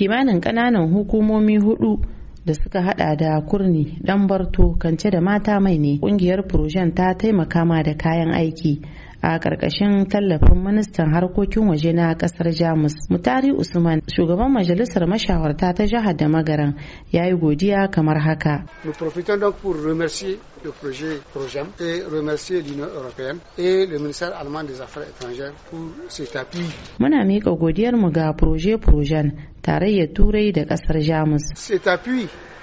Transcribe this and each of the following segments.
kimanin kananan hukumomi hudu da suka hada da kurni dan barto kance da mata mai ne kungiyar projen ta taimaka ma da kayan aiki a ƙarƙashin tallafin ministan harkokin waje na ƙasar jamus mutari usman shugaban majalisar mashawarta ta jihar da magaran ya yi godiya kamar haka le projet godiyar mu godiyarmu ga proje projen tarayyar Turai da ƙasar Jamus.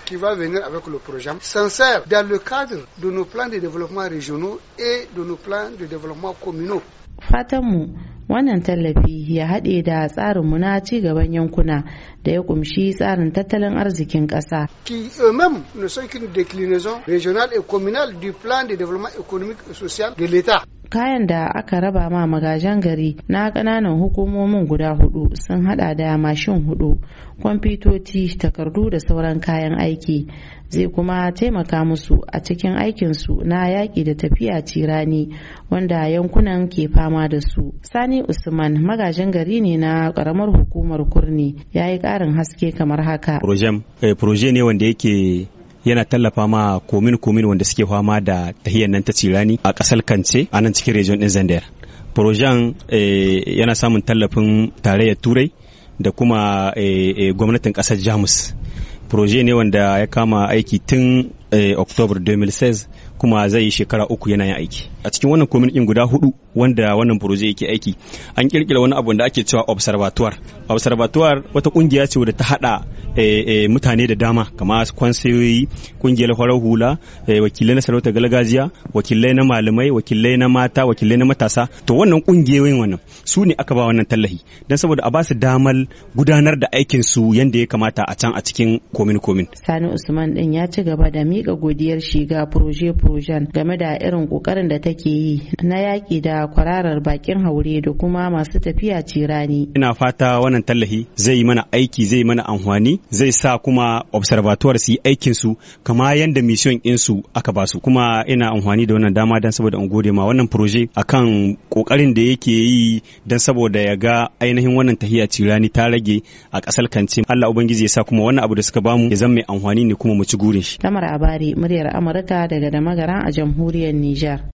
qui va venir avec le projet s'insère dans le cadre de nos plans de développement régionaux et de nos plans de développement communaux. wannan tallafi Qui eux-mêmes ne sont qu'une déclinaison régionale et communale du plan de développement économique et social de l'État. kayan da aka raba ma magajan gari na ƙananan hukumomin guda hudu sun hada da mashin hudu kwamfutoci takardu da sauran kayan aiki zai kuma taimaka musu a cikin aikinsu na yaƙi da tafiya cirani wanda yankunan ke fama da su sani usman magajin gari ne na ƙaramar hukumar kurni ya yi ƙarin haske kamar haka eh, ne yake yana tallafa ma komin komin wanda suke fama da tahiyar nan ta cirani a kasar kance a nan cikin region din zandar projan eh, yana samun tallafin tarayyar turai da kuma eh, eh, gwamnatin kasar jamus proje ne wanda ya kama aiki tun october 2016 kuma zai yi shekara uku yana yin aiki a cikin wannan komin ɗin guda hudu wanda wannan furoje yake aiki an kirkira wani abu da ake cewa observatoire observatoire wata kungiya ce wadda ta hada eh, eh, mutane da dama kama kwansayoyi kungiyar farar hula eh, wakilai na sarauta gargajiya wakilai na malamai wakilai na mata wakilai na matasa to wannan kungiyoyin wannan su ne aka ba wannan tallahi don saboda a ba su damar gudanar da aikin su yadda ya kamata a can a cikin komin komin sani usman din ya ci gaba da miƙa godiyar shiga proje projen game da irin kokarin da take ake yi na yaƙi da kwararar bakin haure da kuma masu tafiya cirani. Ina fata wannan tallahi zai mana aiki zai mana amfani zai sa kuma observatoire su yi aikin su kama yadda mission in su aka ba su kuma ina amfani da wannan dama dan saboda in gode ma wannan proje akan kokarin da yake yi dan saboda ya ga ainihin wannan tahiya cirani ta rage a kasar kance Allah ubangiji ya sa kuma wannan abu da suka bamu ya zama mai amfani ne kuma mu ci gurin shi. Tamar Abari muryar Amurka daga da a jamhuriyar Nijar.